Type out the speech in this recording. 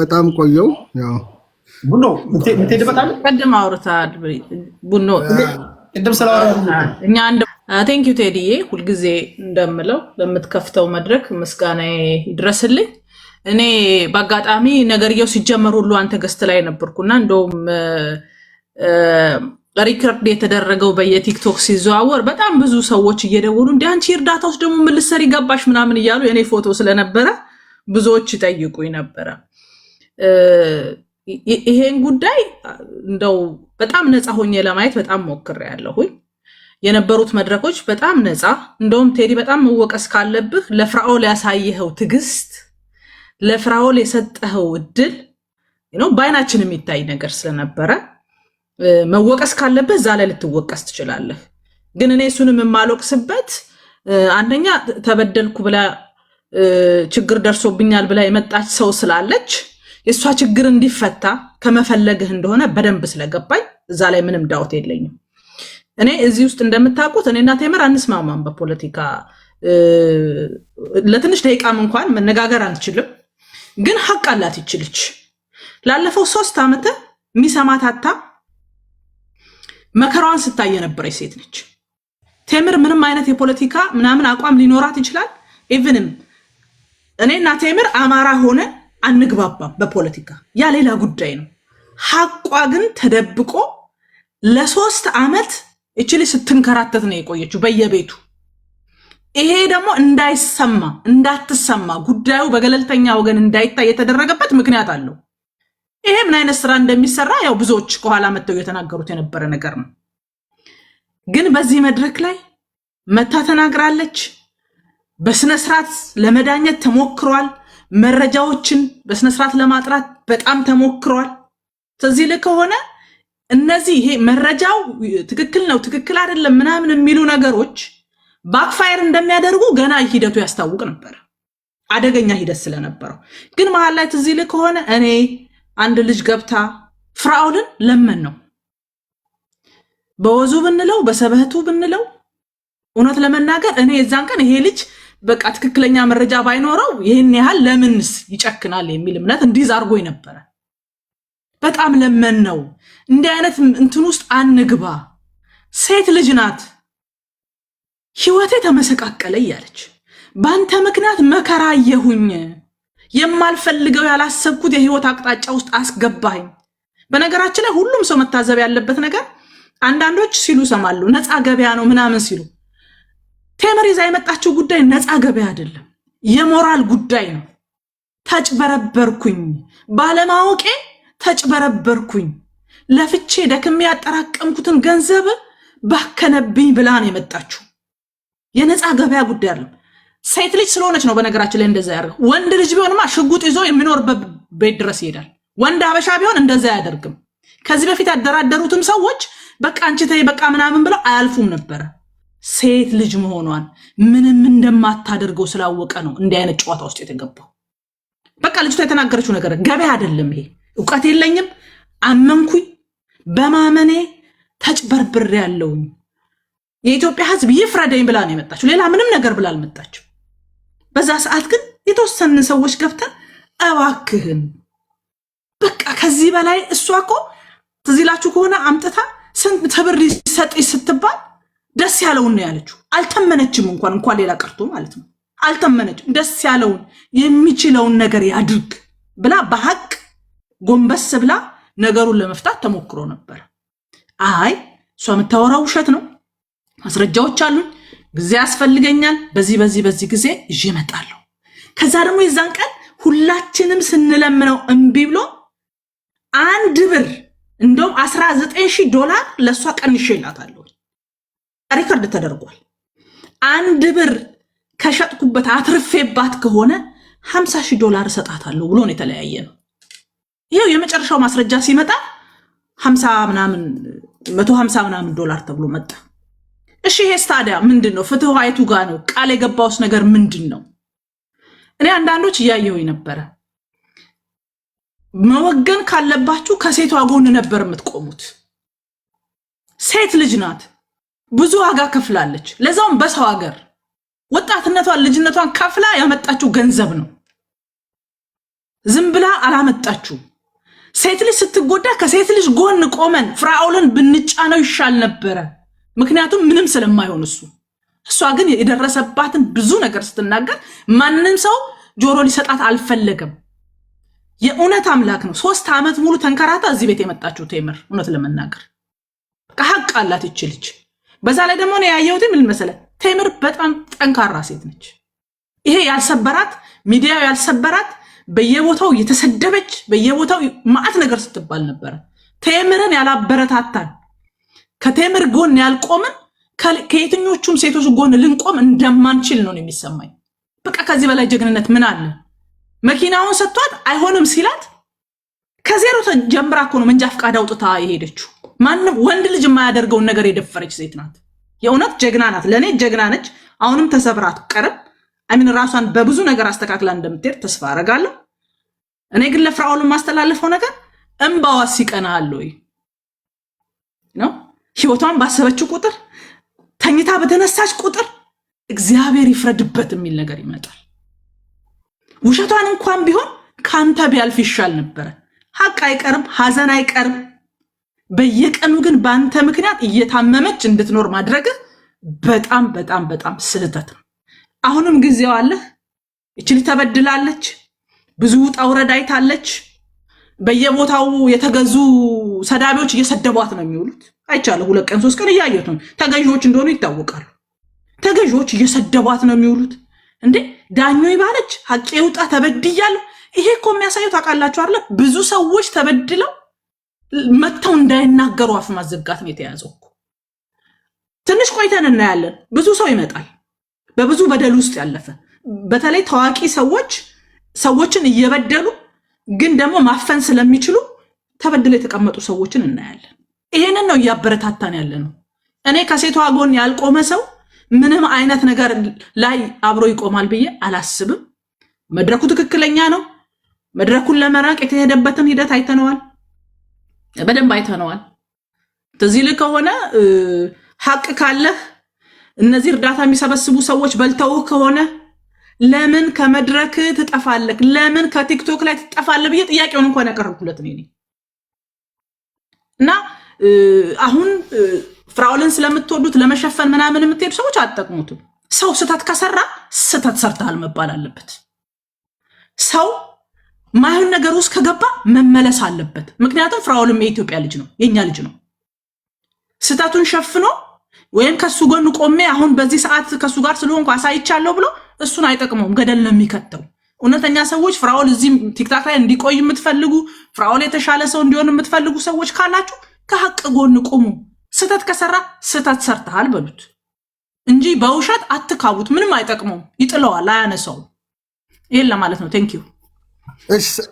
በጣም ቆየው። ያው ቡኖ ቅድም አውርተሃል። ቡኖ ቅድም ቴዲዬ፣ ሁልጊዜ እንደምለው ለምትከፍተው መድረክ ምስጋና ይድረስልኝ። እኔ በአጋጣሚ ነገርየው ሲጀመር ሁሉ አንተ ገስት ላይ ነበርኩና እንደውም ሪከርድ የተደረገው በየቲክቶክ ሲዘዋወር በጣም ብዙ ሰዎች እየደወሉ እንዲ አንቺ እርዳታ ውስጥ ደግሞ ምልሰር ይገባሽ ምናምን እያሉ የእኔ ፎቶ ስለነበረ ብዙዎች ይጠይቁኝ ነበረ። ይሄን ጉዳይ እንደው በጣም ነፃ ሆኜ ለማየት በጣም ያለሁ የነበሩት መድረኮች በጣም ነፃ፣ እንደውም ቴዲ በጣም መወቀስ ካለብህ ለፍራኦል ያሳየኸው ትዕግስት፣ ለፍራኦል የሰጠኸው እድል ነው በአይናችን የሚታይ ነገር ስለነበረ መወቀስ ካለብህ እዛ ላይ ልትወቀስ ትችላለህ። ግን እኔ እሱንም የማልወቅስበት አንደኛ ተበደልኩ ብላ ችግር ደርሶብኛል ብላ የመጣች ሰው ስላለች የእሷ ችግር እንዲፈታ ከመፈለግህ እንደሆነ በደንብ ስለገባኝ እዛ ላይ ምንም ዳውት የለኝም። እኔ እዚህ ውስጥ እንደምታውቁት እኔና ቴምር አንስማማም በፖለቲካ ለትንሽ ደቂቃም እንኳን መነጋገር አንችልም። ግን ሀቅ አላት ይችልች ላለፈው ሶስት ዓመት ሚሰማታታ መከራዋን ስታይ የነበረች ሴት ነች። ቴምር ምንም አይነት የፖለቲካ ምናምን አቋም ሊኖራት ይችላል። ኢቭንም እኔና ቴምር አማራ ሆነን አንግባባም በፖለቲካ ያ ሌላ ጉዳይ ነው። ሀቋ ግን ተደብቆ ለሶስት ዓመት እችል ስትንከራተት ነው የቆየችው በየቤቱ። ይሄ ደግሞ እንዳይሰማ እንዳትሰማ ጉዳዩ በገለልተኛ ወገን እንዳይታይ የተደረገበት ምክንያት አለው። ይሄ ምን አይነት ስራ እንደሚሰራ ያው ብዙዎች ከኋላ መጥተው የተናገሩት የነበረ ነገር ነው። ግን በዚህ መድረክ ላይ መታ ተናግራለች። በስነስርዓት ለመዳኘት ተሞክሯል። መረጃዎችን በስነስርዓት ለማጥራት በጣም ተሞክሯል። ስለዚህ ል ከሆነ እነዚህ ይሄ መረጃው ትክክል ነው ትክክል አይደለም ምናምን የሚሉ ነገሮች ባክፋየር እንደሚያደርጉ ገና ሂደቱ ያስታውቅ ነበር፣ አደገኛ ሂደት ስለነበረው። ግን መሀል ላይ ትዚህ ይልህ ከሆነ እኔ አንድ ልጅ ገብታ ፍራኦልን ለመን ነው በወዙ ብንለው በሰበቱ ብንለው እውነት ለመናገር እኔ የዛን ቀን ይሄ ልጅ በቃ ትክክለኛ መረጃ ባይኖረው ይህን ያህል ለምንስ ይጨክናል የሚል እምነት እንዲዝ አድርጎ ነበረ። በጣም ለመን ነው። እንዲህ አይነት እንትን ውስጥ አንግባ። ሴት ልጅ ናት ህይወቴ ተመሰቃቀለ እያለች በአንተ ምክንያት መከራ አየሁኝ፣ የማልፈልገው ያላሰብኩት የህይወት አቅጣጫ ውስጥ አስገባኝ። በነገራችን ላይ ሁሉም ሰው መታዘብ ያለበት ነገር አንዳንዶች ሲሉ ሰማሉ ነፃ ገበያ ነው ምናምን ሲሉ ቴምር ይዛ የመጣችው ጉዳይ ነፃ ገበያ አይደለም፣ የሞራል ጉዳይ ነው። ተጭበረበርኩኝ፣ ባለማወቄ ተጭበረበርኩኝ፣ ለፍቼ ደክሜ ያጠራቀምኩትን ገንዘብ ባከነብኝ ብላ ነው የመጣችው። የነፃ ገበያ ጉዳይ አይደለም። ሴት ልጅ ስለሆነች ነው። በነገራችን ላይ እንደዛ ያደርግ ወንድ ልጅ ቢሆንማ ሽጉጥ ይዞ የሚኖርበት ቤት ድረስ ይሄዳል። ወንድ አበሻ ቢሆን እንደዛ አያደርግም። ከዚህ በፊት ያደራደሩትም ሰዎች በቃ አንቺ ተይ በቃ ምናምን ብለው አያልፉም ነበረ። ሴት ልጅ መሆኗን ምንም እንደማታደርገው ስላወቀ ነው እንዲህ አይነት ጨዋታ ውስጥ የተገባው። በቃ ልጅቷ የተናገረችው ነገር ገበያ አይደለም። ይሄ እውቀት የለኝም አመንኩኝ፣ በማመኔ ተጭበርብሬ ያለውኝ የኢትዮጵያ ሕዝብ ይፍረደኝ ብላ ነው የመጣችው። ሌላ ምንም ነገር ብላ አልመጣችው። በዛ ሰዓት ግን የተወሰን ሰዎች ገብተን እባክህን በቃ ከዚህ በላይ እሷ እኮ ትዝ ይላችሁ ከሆነ አምጥታ ስንት ብር ሰጥ ስትባል ደስ ያለውን ነው ያለችው። አልተመነችም እንኳን እንኳን ሌላ ቀርቶ ማለት ነው አልተመነችም። ደስ ያለውን የሚችለውን ነገር ያድርግ ብላ በሀቅ ጎንበስ ብላ ነገሩን ለመፍታት ተሞክሮ ነበር። አይ እሷ የምታወራው ውሸት ነው፣ ማስረጃዎች አሉኝ፣ ጊዜ ያስፈልገኛል፣ በዚህ በዚህ በዚህ ጊዜ ይዤ እመጣለሁ። ከዛ ደግሞ የዛን ቀን ሁላችንም ስንለምነው እምቢ ብሎ አንድ ብር እንደውም 19 ሺህ ዶላር ለእሷ ቀንሼ እላታለሁ። ሪከርድ ተደርጓል። አንድ ብር ከሸጥኩበት አትርፌባት ከሆነ ሀምሳ ሺህ ዶላር እሰጣታለሁ ብሎ የተለያየ ነው። ይሄው የመጨረሻው ማስረጃ ሲመጣ 50 ምናምን መቶ ምናምን ዶላር ተብሎ መጣ። እሺ ይሄስ ታዲያ ምንድን ነው? ፍትሕ አይቱ ጋ ነው ቃል የገባውስ ነገር ምንድን ነው? እኔ አንዳንዶች እያየው ነበረ። መወገን ካለባችሁ ከሴቷ ጎን ነበር የምትቆሙት። ሴት ልጅ ናት። ብዙ ዋጋ ከፍላለች። ለዛውም በሰው ሀገር ወጣትነቷን ልጅነቷን ከፍላ ያመጣችው ገንዘብ ነው። ዝም ብላ አላመጣችው። ሴት ልጅ ስትጎዳ ከሴት ልጅ ጎን ቆመን ፍራኦልን ብንጫነው ይሻል ነበረ። ምክንያቱም ምንም ስለማይሆን እሱ እሷ ግን የደረሰባትን ብዙ ነገር ስትናገር ማንም ሰው ጆሮ ሊሰጣት አልፈለገም። የእውነት አምላክ ነው። ሶስት ዓመት ሙሉ ተንከራታ እዚህ ቤት የመጣችው ቴምር እውነት ለመናገር ሀቅ አላት ይችልች በዛ ላይ ደግሞ ነው ያየሁት። ምን መሰለ ቴምር በጣም ጠንካራ ሴት ነች። ይሄ ያልሰበራት ሚዲያው ያልሰበራት በየቦታው የተሰደበች በየቦታው ማዕት ነገር ስትባል ነበረ። ቴምርን ያላበረታታን ከቴምር ጎን ያልቆምን ከየትኞቹም ሴቶች ጎን ልንቆም እንደማንችል ነው የሚሰማኝ። በቃ ከዚህ በላይ ጀግንነት ምን አለ? መኪናውን ሰጥቷት አይሆንም ሲላት ከዜሮ ጀምራ እኮ ነው መንጃ ፈቃድ አውጥታ የሄደችው። ማንም ወንድ ልጅ የማያደርገውን ነገር የደፈረች ሴት ናት። የእውነት ጀግና ናት። ለእኔ ጀግና ነች። አሁንም ተሰብራት ቀርብ አሚን ራሷን በብዙ ነገር አስተካክላ እንደምትሄድ ተስፋ አረጋለሁ። እኔ ግን ለፍራኦል የማስተላለፈው ነገር እምባዋ ሲቀና አለ ወይ ነው ህይወቷን ባሰበችው ቁጥር ተኝታ በተነሳች ቁጥር እግዚአብሔር ይፍረድበት የሚል ነገር ይመጣል። ውሸቷን እንኳን ቢሆን ከአንተ ቢያልፍ ይሻል ነበረ። ሀቅ አይቀርም፣ ሀዘን አይቀርም። በየቀኑ ግን በአንተ ምክንያት እየታመመች እንድትኖር ማድረግህ በጣም በጣም በጣም ስህተት ነው። አሁንም ጊዜው አለ። እችል ተበድላለች፣ ብዙ ውጣ ውረድ አይታለች። በየቦታው የተገዙ ሰዳቢዎች እየሰደቧት ነው የሚውሉት። አይቻለ ሁለት ቀን ሶስት ቀን እያየት ነው። ተገዥዎች እንደሆኑ ይታወቃሉ። ተገዥዎች እየሰደቧት ነው የሚውሉት። እንዴ ዳኞ ይባለች ሀቄ ውጣ ተበድያለሁ። ይሄ እኮ የሚያሳየው ታውቃላችሁ አለ ብዙ ሰዎች ተበድለው መጥተው እንዳይናገሩ አፍ ማዘጋት ነው የተያዘው። ትንሽ ቆይተን እናያለን። ብዙ ሰው ይመጣል፣ በብዙ በደል ውስጥ ያለፈ በተለይ ታዋቂ ሰዎች ሰዎችን እየበደሉ ግን ደግሞ ማፈን ስለሚችሉ ተበድለው የተቀመጡ ሰዎችን እናያለን። ይሄንን ነው እያበረታታን ያለ ነው። እኔ ከሴቷ ጎን ያልቆመ ሰው ምንም አይነት ነገር ላይ አብሮ ይቆማል ብዬ አላስብም። መድረኩ ትክክለኛ ነው። መድረኩን ለመራቅ የተሄደበትን ሂደት አይተነዋል። በደንብ አይተነዋል። እንደዚህ ልህ ከሆነ ሀቅ ካለህ እነዚህ እርዳታ የሚሰበስቡ ሰዎች በልተውህ ከሆነ ለምን ከመድረክ ትጠፋለህ? ለምን ከቲክቶክ ላይ ትጠፋለህ ብዬ ጥያቄውን እንኳን ያቀረብኩለት እኔ ነኝ። እና አሁን ፍራውልን ስለምትወዱት ለመሸፈን ምናምን የምትሄዱ ሰዎች አትጠቅሙትም። ሰው ስህተት ከሰራ ስህተት ሰርተሃል መባል አለበት ሰው ማይሆን ነገር ውስጥ ከገባ መመለስ አለበት። ምክንያቱም ፍራውልም የኢትዮጵያ ልጅ ነው፣ የእኛ ልጅ ነው። ስህተቱን ሸፍኖ ወይም ከሱ ጎን ቆሜ አሁን በዚህ ሰዓት ከሱ ጋር ስለሆንኩ አሳይቻለሁ ብሎ እሱን አይጠቅመውም፣ ገደል ነው የሚከተው። እውነተኛ ሰዎች ፍራውል እዚህ ቲክታክ ላይ እንዲቆይ የምትፈልጉ ፍራውል የተሻለ ሰው እንዲሆን የምትፈልጉ ሰዎች ካላችሁ ከሀቅ ጎን ቁሙ። ስህተት ከሰራ ስህተት ሰርተሃል በሉት እንጂ በውሸት አትካቡት። ምንም አይጠቅመውም፣ ይጥለዋል፣ አያነሳውም። ይህን ለማለት ነው። ቴንኪዩ እሺ